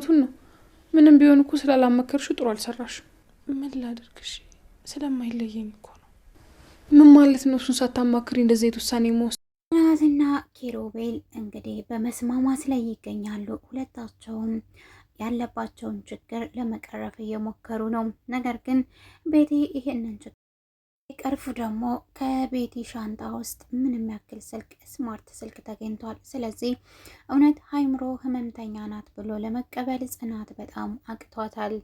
እውነቱን ነው። ምንም ቢሆን እኮ ስላላመከርሽ ጥሩ አልሰራሽ። ምን ላደርግሽ? ስለማይለየኝ እኮ ነው። ምን ማለት ነው? እሱን ሳታማክሪ እንደዚህ አይነት ውሳኔ መወሰን። ናዝና ኪሮቤል እንግዲህ በመስማማት ላይ ይገኛሉ። ሁለታቸውም ያለባቸውን ችግር ለመቀረፍ እየሞከሩ ነው። ነገር ግን ቤቴ ይህንን በቅርቡ ደግሞ ከቤቲ ሻንጣ ውስጥ ምንም ያክል ስልክ ስማርት ስልክ ተገኝቷል። ስለዚህ እውነት ሀይምሮ ህመምተኛ ናት ብሎ ለመቀበል ጽናት በጣም አቅቷታል።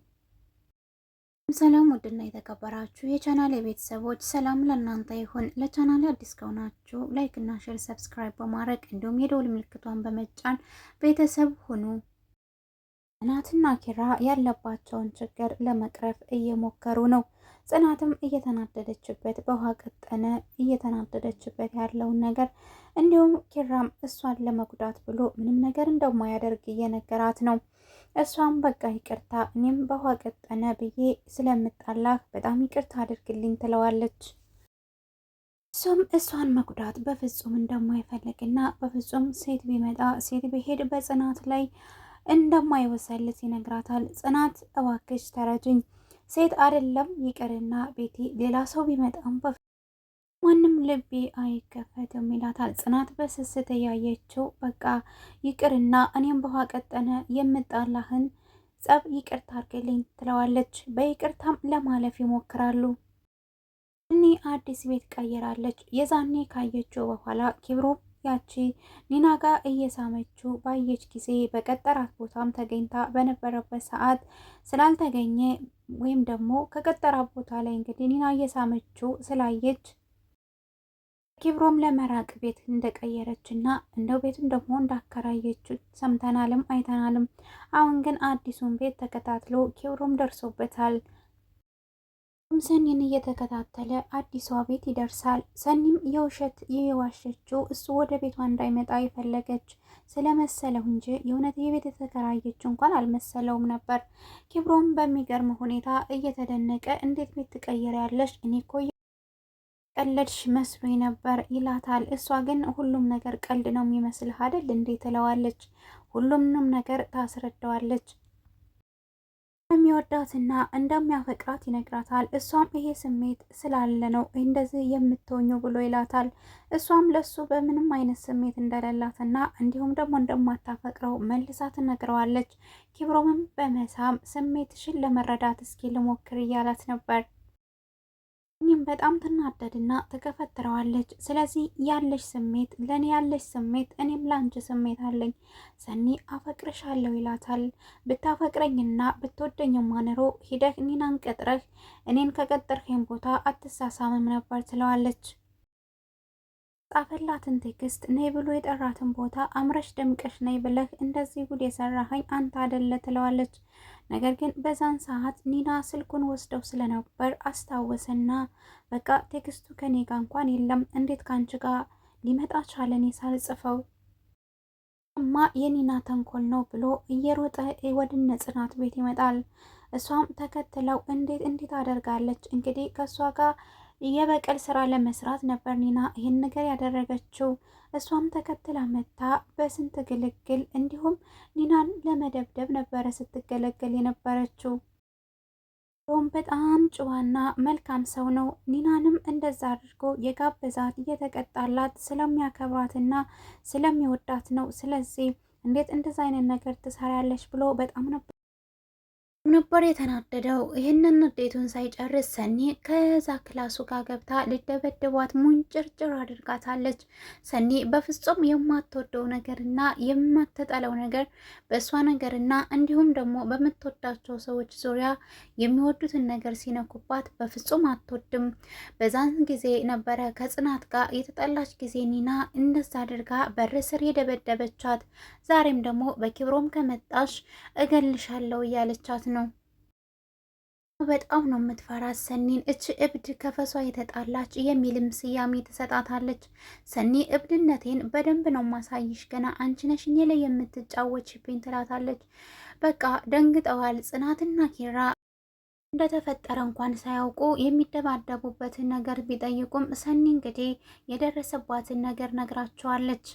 ሰላም ውድና የተከበራችሁ የቻናል የቤተሰቦች ሰላም ለእናንተ ይሁን። ለቻናል አዲስ ከሆናችሁ ላይክ እና ሼር፣ ሰብስክራይብ በማድረግ እንዲሁም የደውል ምልክቷን በመጫን ቤተሰብ ሁኑ። ጽናትና ኪራ ያለባቸውን ችግር ለመቅረፍ እየሞከሩ ነው። ጽናትም እየተናደደችበት በውሃ ቀጠነ እየተናደደችበት ያለውን ነገር እንዲሁም ኪራም እሷን ለመጉዳት ብሎ ምንም ነገር እንደማያደርግ እየነገራት ነው። እሷም በቃ ይቅርታ፣ እኔም በውሃ ቀጠነ ብዬ ስለምጣላህ በጣም ይቅርታ አድርግልኝ ትለዋለች። እሱም እሷን መጉዳት በፍጹም እንደማይፈልግና በፍጹም ሴት ቢመጣ ሴት ቢሄድ በጽናት ላይ እንደማይወሰልት ይነግራታል። ጽናት እባክሽ ተረጅኝ፣ ሴት አይደለም ይቅርና ቤቴ ሌላ ሰው ቢመጣም ማንም ልቤ አይከፈትም ይላታል። ጽናት በስስት እያየችው በቃ ይቅርና እኔም በኋ ቀጠነ የምጣላህን ጸብ ይቅርታ አርግልኝ ትለዋለች። በይቅርታም ለማለፍ ይሞክራሉ። እኔ አዲስ ቤት ቀይራለች። የዛኔ ካየችው በኋላ ኪብሮም ያቺ ኒና ጋር እየሳመችው ባየች ጊዜ በቀጠራት ቦታም ተገኝታ በነበረበት ሰዓት ስላልተገኘ ወይም ደግሞ ከቀጠራት ቦታ ላይ እንግዲህ ኒና እየሳመችው ስላየች ኪብሮም ለመራቅ ቤት እንደቀየረች እና እንደው ቤቱን ደግሞ እንዳከራየችው ሰምተናልም አይተናልም። አሁን ግን አዲሱን ቤት ተከታትሎ ኪብሮም ደርሶበታል። ሰኒን እየተከታተለ አዲሷ ቤት ይደርሳል። ሰኒም የውሸት የዋሸችው እሱ ወደ ቤቷ እንዳይመጣ የፈለገች ስለመሰለው እንጂ የእውነት የቤት የተከራየችው እንኳን አልመሰለውም ነበር። ኪብሮም በሚገርም ሁኔታ እየተደነቀ እንዴት ቤት ትቀይሪያለሽ? እኔ እኮ ቀለድሽ መስሎ ነበር ይላታል። እሷ ግን ሁሉም ነገር ቀልድ ነው የሚመስልህ አይደል እንዴ ትለዋለች። ሁሉምንም ነገር ታስረዳዋለች። እንደሚወዳትና እንደሚያፈቅራት ይነግራታል። እሷም ይሄ ስሜት ስላለ ነው እንደዚህ የምትሆኙ ብሎ ይላታል። እሷም ለሱ በምንም አይነት ስሜት እንደሌላትና እንዲሁም ደግሞ እንደማታፈቅረው መልሳ ትነግረዋለች። ኪብሮምም በመሳም ስሜትሽን ለመረዳት እስኪ ልሞክር እያላት ነበር። እኔም በጣም ትናደድና ትከፈትረዋለች። ስለዚህ ያለሽ ስሜት ለእኔ ያለሽ ስሜት እኔም ለአንቺ ስሜት አለኝ፣ ሰኒ አፈቅርሻለሁ ይላታል። ብታፈቅረኝና ብትወደኝ ማኖሮ ሂደህ እኔን ቀጥረህ እኔን ከቀጠርከኝ ቦታ አትሳሳምም ነበር ትለዋለች። ጻፈላትን ቴክስት ነይ ብሎ የጠራትን ቦታ አምረሽ ደምቀሽ ነይ ብለህ እንደዚህ ጉድ የሰራኸኝ አንተ አደለ ትለዋለች። ነገር ግን በዛን ሰዓት ኒና ስልኩን ወስደው ስለነበር አስታወሰና በቃ ቴክስቱ ከኔ ጋ እንኳን የለም እንዴት ከአንቺ ጋር ሊመጣ ቻለ እኔ ሳልጽፈው እማ የኒና ተንኮል ነው ብሎ እየሮጠ ወደነ ጽናት ቤት ይመጣል። እሷም ተከትለው እንዴት እንዴት አደርጋለች እንግዲህ ከእሷ ጋር የበቀል ስራ ለመስራት ነበር ኒና ይህን ነገር ያደረገችው። እሷም ተከትላ መታ በስንት ግልግል እንዲሁም ኒናን ለመደብደብ ነበረ ስትገለገል የነበረችው። ሮም በጣም ጭዋና መልካም ሰው ነው። ኒናንም እንደዛ አድርጎ የጋበዛት እየተቀጣላት ስለሚያከብራትና ስለሚወዳት ነው። ስለዚህ እንዴት እንደዛ አይነት ነገር ትሰሪያለች ብሎ በጣም ነበር ነበር የተናደደው። ይህንን ንዴቱን ሳይጨርስ ሰኒ ከዛ ክላሱ ጋር ገብታ ልደበድቧት ሙንጭርጭር አድርጋታለች። ሰኒ በፍጹም የማትወደው ነገርና የማትጠለው ነገር በእሷ ነገርና እንዲሁም ደግሞ በምትወዳቸው ሰዎች ዙሪያ የሚወዱትን ነገር ሲነኩባት በፍጹም አትወድም። በዛን ጊዜ ነበረ ከጽናት ጋር የተጠላች ጊዜ ኒና እንደዛ አድርጋ በርስር የደበደበቻት። ዛሬም ደግሞ በኪብሮም ከመጣሽ እገልሻለሁ እያለቻት ነው ነው። በጣም ነው የምትፈራት ሰኒን። እች እብድ ከፈሷ የተጣላች የሚልም ስያሜ ትሰጣታለች። ሰኒ እብድነቴን በደንብ ነው ማሳይሽ፣ ገና አንቺ ነሽ እኔ ላይ የምትጫወችብኝ ትላታለች። በቃ ደንግጠዋል። ጽናትና ኪራ እንደተፈጠረ እንኳን ሳያውቁ የሚደባደቡበትን ነገር ቢጠይቁም ሰኒ እንግዲህ የደረሰባትን ነገር ነግራቸዋለች።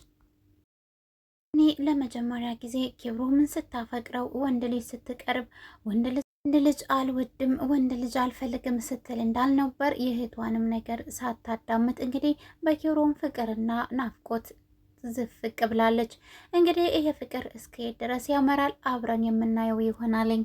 እኔ ለመጀመሪያ ጊዜ ኬብሮምን ስታፈቅረው ወንድ ልጅ ስትቀርብ ወንድ ልጅ አልወድም ወንድ ልጅ አልፈልግም ስትል እንዳልነበር የእህቷንም ነገር ሳታዳምጥ እንግዲህ በኬብሮም ፍቅርና ናፍቆት ዝፍቅ ብላለች። እንግዲህ ይሄ ፍቅር እስከ ድረስ ያመራል አብረን የምናየው ይሆናለኝ።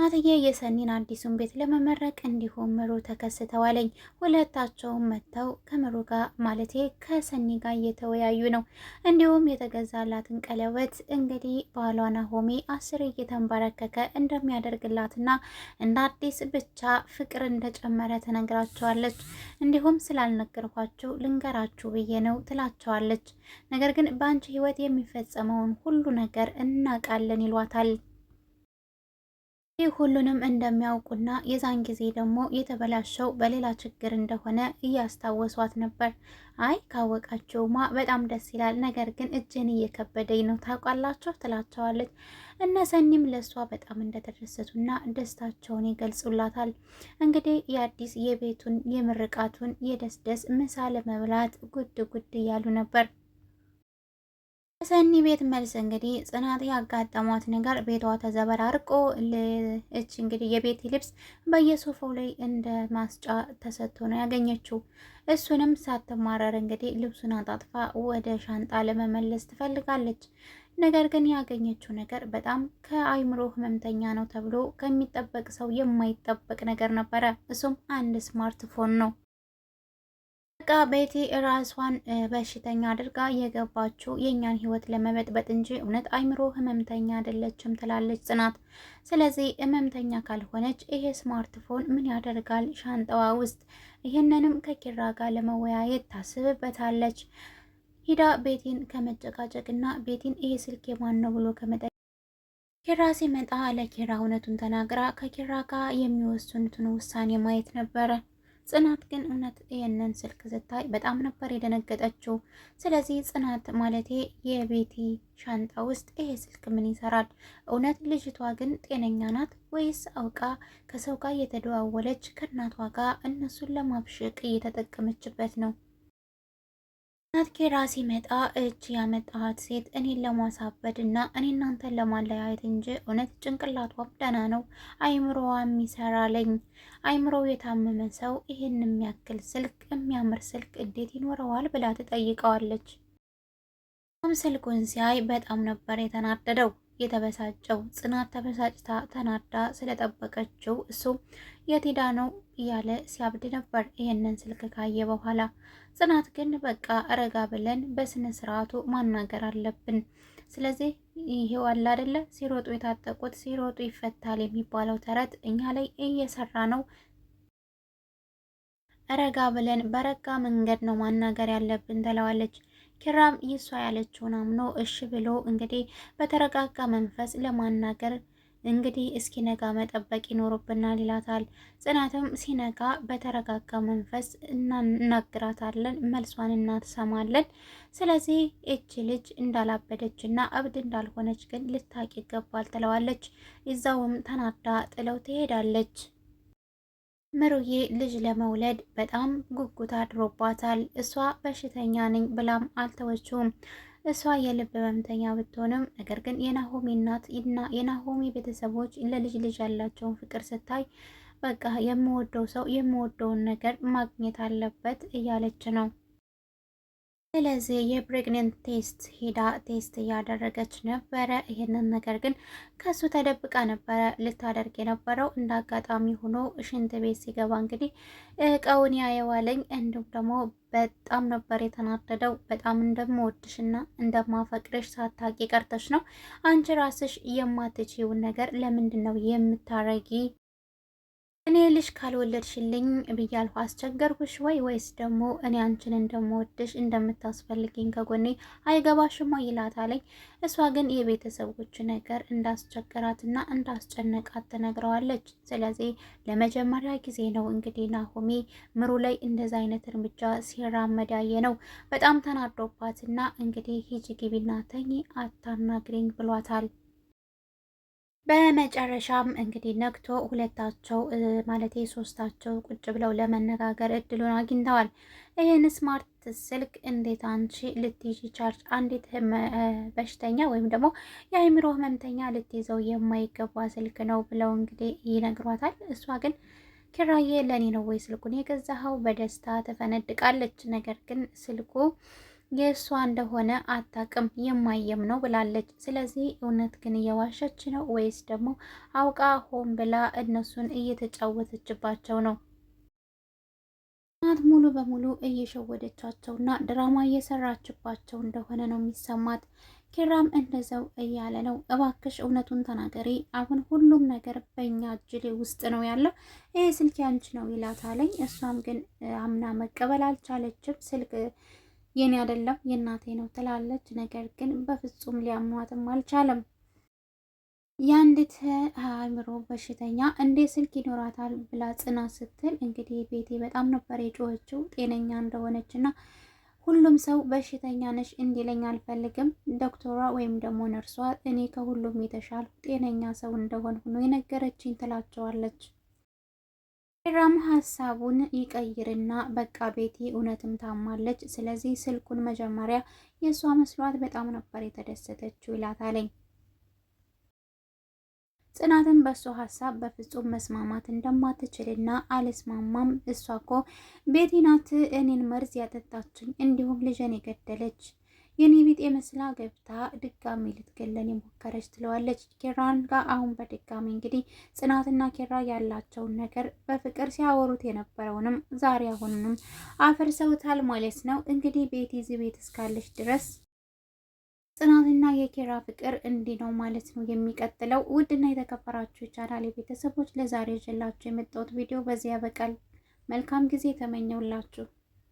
ናትዬ የሰኒን አዲሱን ቤት ለመመረቅ እንዲሁም ምሩ ተከስተዋለኝ። ሁለታቸውም መጥተው ከምሩ ጋር ማለቴ ከሰኒ ጋር እየተወያዩ ነው። እንዲሁም የተገዛላትን ቀለበት እንግዲህ ባሏ ናሆሜ አስር እየተንበረከከ እንደሚያደርግላትና እንደ አዲስ ብቻ ፍቅር እንደጨመረ ትነግራቸዋለች። እንዲሁም ስላልነገርኳችሁ ልንገራችሁ ብዬ ነው ትላቸዋለች። ነገር ግን በአንቺ ህይወት የሚፈጸመውን ሁሉ ነገር እናውቃለን ይሏታል። ይህ ሁሉንም እንደሚያውቁና የዛን ጊዜ ደግሞ የተበላሸው በሌላ ችግር እንደሆነ እያስታወሷት ነበር። አይ ካወቃችሁማ በጣም ደስ ይላል፣ ነገር ግን እጅን እየከበደኝ ነው ታውቃላችሁ ትላቸዋለች። እነ ሰኒም ለእሷ በጣም እንደተደሰቱና ደስታቸውን ይገልጹላታል። እንግዲህ የአዲስ የቤቱን የምርቃቱን የደስደስ ምሳ ለመብላት ጉድ ጉድ እያሉ ነበር። ሰኒ ቤት መልስ እንግዲህ ጽናት ያጋጠሟት ነገር ቤቷ ተዘበራርቆ እች እንግዲህ የቤቲ ልብስ በየሶፋው ላይ እንደ ማስጫ ተሰጥቶ ነው ያገኘችው። እሱንም ሳትማረር እንግዲህ ልብሱን አጣጥፋ ወደ ሻንጣ ለመመለስ ትፈልጋለች። ነገር ግን ያገኘችው ነገር በጣም ከአይምሮ ህመምተኛ ነው ተብሎ ከሚጠበቅ ሰው የማይጠበቅ ነገር ነበረ። እሱም አንድ ስማርትፎን ነው። በቃ ቤቲ ራሷን በሽተኛ አድርጋ የገባችው የእኛን ህይወት ለመበጥበጥ እንጂ እውነት አይምሮ ህመምተኛ አይደለችም ትላለች ጽናት። ስለዚህ ህመምተኛ ካልሆነች ይሄ ስማርትፎን ምን ያደርጋል ሻንጣዋ ውስጥ? ይህንንም ከኪራ ጋር ለመወያየት ታስብበታለች። ሂዳ ቤቲን ከመጨቃጨቅና ቤቲን ይሄ ስልክ የማን ነው ብሎ ከመጠ ኪራ ሲመጣ ለኪራ እውነቱን ተናግራ ከኪራ ጋር የሚወስኑትን ውሳኔ ማየት ነበረ። ጽናት ግን እውነት ይህንን ስልክ ስታይ በጣም ነበር የደነገጠችው። ስለዚህ ጽናት ማለቴ የቤቲ ሻንጣ ውስጥ ይሄ ስልክ ምን ይሰራል? እውነት ልጅቷ ግን ጤነኛ ናት ወይስ አውቃ ከሰው ጋር እየተደዋወለች ከእናቷ ጋር እነሱን ለማብሸቅ እየተጠቀመችበት ነው? እናት ሲመጣ እቺ ያመጣሃት ሴት እኔን ለማሳበድ እና እኔ እናንተን ለማለያየት እንጂ እውነት ጭንቅላቷም ደህና ነው፣ አይምሮዋ የሚሰራለኝ አይምሮ የታመመ ሰው ይህን የሚያክል ስልክ የሚያምር ስልክ እንዴት ይኖረዋል ብላ ትጠይቀዋለች። ስልኩን ሲያይ በጣም ነበር የተናደደው። የተበሳጨው። ጽናት ተበሳጭታ ተናዳ ስለጠበቀችው እሱ የቴዳ ነው እያለ ሲያብድ ነበር ይህንን ስልክ ካየ በኋላ። ጽናት ግን በቃ ረጋ ብለን በስነ ስርዓቱ ማናገር አለብን። ስለዚህ ይሄው አለ አይደለ ሲሮጡ የታጠቁት ሲሮጡ ይፈታል የሚባለው ተረት እኛ ላይ እየሰራ ነው። ረጋ ብለን በረጋ መንገድ ነው ማናገር ያለብን ትለዋለች። ኪራም ይሷ ያለችውን አምኖ እሺ ብሎ እንግዲህ በተረጋጋ መንፈስ ለማናገር እንግዲህ እስኪነጋ መጠበቅ ይኖርብናል ይላታል። ጽናትም ሲነጋ በተረጋጋ መንፈስ እናናግራታለን፣ መልሷን እናሰማለን። ስለዚህ እች ልጅ እንዳላበደች እና እብድ እንዳልሆነች ግን ልታቂ ይገባል ትለዋለች። ይዛውም ተናዳ ጥለው ትሄዳለች። ምሩዬ ልጅ ለመውለድ በጣም ጉጉት አድሮባታል። እሷ በሽተኛ ነኝ ብላም አልተወችውም። እሷ የልብ ህመምተኛ ብትሆንም ነገር ግን የናሆሚ እናት እና የናሆሚ ቤተሰቦች ለልጅ ልጅ ያላቸውን ፍቅር ስታይ በቃ የምወደው ሰው የምወደውን ነገር ማግኘት አለበት እያለች ነው። ስለዚህ የፕሬግነንት ቴስት ሄዳ ቴስት እያደረገች ነበረ። ይህንን ነገር ግን ከሱ ተደብቃ ነበረ ልታደርግ የነበረው። እንደ አጋጣሚ ሆኖ ሽንት ቤት ሲገባ እንግዲህ እቃውን ያየዋለኝ። እንዲሁም ደግሞ በጣም ነበር የተናደደው። በጣም እንደምወድሽና እንደማፈቅርሽ ሳታቂ ቀርተሽ ነው አንቺ ራስሽ የማትችውን ነገር ለምንድን ነው የምታረጊ እኔ ልጅ ካልወለድሽልኝ ብያልሁ አስቸገርኩሽ ወይ ወይስ ደግሞ እኔ አንቺን እንደምወድሽ እንደምታስፈልግኝ ከጎኔ አይገባሽማ ይላታለኝ። እሷ ግን የቤተሰቦች ነገር እንዳስቸገራትና እንዳስጨነቃት ትነግረዋለች። ስለዚህ ለመጀመሪያ ጊዜ ነው እንግዲህ ናሆሜ ምሩ ላይ እንደዛ አይነት እርምጃ ሲራመድ ያየ ነው። በጣም ተናዶባትና እንግዲህ ሂጂ ግቢና ተኚ አታናግሪኝ ብሏታል። በመጨረሻም እንግዲህ ነግቶ ሁለታቸው ማለት ሶስታቸው ቁጭ ብለው ለመነጋገር እድሉን አግኝተዋል። ይህን ስማርት ስልክ እንዴት አንቺ ልትይዥ ቻርጅ አንዴት በሽተኛ ወይም ደግሞ የአይምሮ ህመምተኛ ልትይዘው የማይገባ ስልክ ነው ብለው እንግዲህ ይነግሯታል። እሷ ግን ኪራዬ ለእኔ ነው ወይ ስልኩን የገዛኸው? በደስታ ተፈነድቃለች። ነገር ግን ስልኩ የእሷ እንደሆነ አታቅም የማየም ነው ብላለች። ስለዚህ እውነት ግን እየዋሸች ነው ወይስ ደግሞ አውቃ ሆን ብላ እነሱን እየተጫወተችባቸው ነው? ናት ሙሉ በሙሉ እየሸወደቻቸው እና ድራማ እየሰራችባቸው እንደሆነ ነው የሚሰማት። ኪራም እንደዛው እያለ ነው። እባክሽ እውነቱን ተናገሪ፣ አሁን ሁሉም ነገር በእኛ እጅሌ ውስጥ ነው ያለው፣ ይህ ስልክ ያንቺ ነው ይላታለኝ። እሷም ግን አምና መቀበል አልቻለችም ስልክ የኔ አይደለም የእናቴ ነው ትላለች። ነገር ግን በፍጹም ሊያሟትም አልቻለም። የአንዲት አእምሮ በሽተኛ እንዴት ስልክ ይኖራታል ብላ ጽና ስትል እንግዲህ ቤቴ በጣም ነበር የጮኸችው ጤነኛ እንደሆነች እና ሁሉም ሰው በሽተኛ ነሽ እንዲለኝ አልፈልግም። ዶክተሯ ወይም ደግሞ ነርሷ እኔ ከሁሉም የተሻልኩ ጤነኛ ሰው እንደሆንኩ ነው የነገረችኝ ትላቸዋለች። ኪራም ሀሳቡን ይቀይርና በቃ ቤቲ እውነትም ታማለች፣ ስለዚህ ስልኩን መጀመሪያ የእሷ መስሏት በጣም ነበር የተደሰተችው ይላታለኝ። ጽናትን በእሱ ሀሳብ በፍጹም መስማማት እንደማትችልና አልስማማም፣ እሷ እኮ ቤቲ ናት እኔን መርዝ ያጠጣችኝ እንዲሁም ልጄን የገደለች የኔ ቢጤ መስላ ገብታ ድጋሚ ልትገለን የሞከረች ትለዋለች ኪራን ጋር። አሁን በድጋሚ እንግዲህ ጽናትና ኪራ ያላቸውን ነገር በፍቅር ሲያወሩት የነበረውንም ዛሬ አሁንንም አፈርሰውታል ማለት ነው። እንግዲህ ቤት እዚህ ቤት እስካለች ድረስ ጽናትና የኪራ ፍቅር እንዲህ ነው ማለት ነው የሚቀጥለው። ውድና የተከበራችሁ ይቻላል የቤተሰቦች ለዛሬ ይዤላችሁ የመጣሁት ቪዲዮ በዚህ ያበቃል። መልካም ጊዜ ተመኘውላችሁ።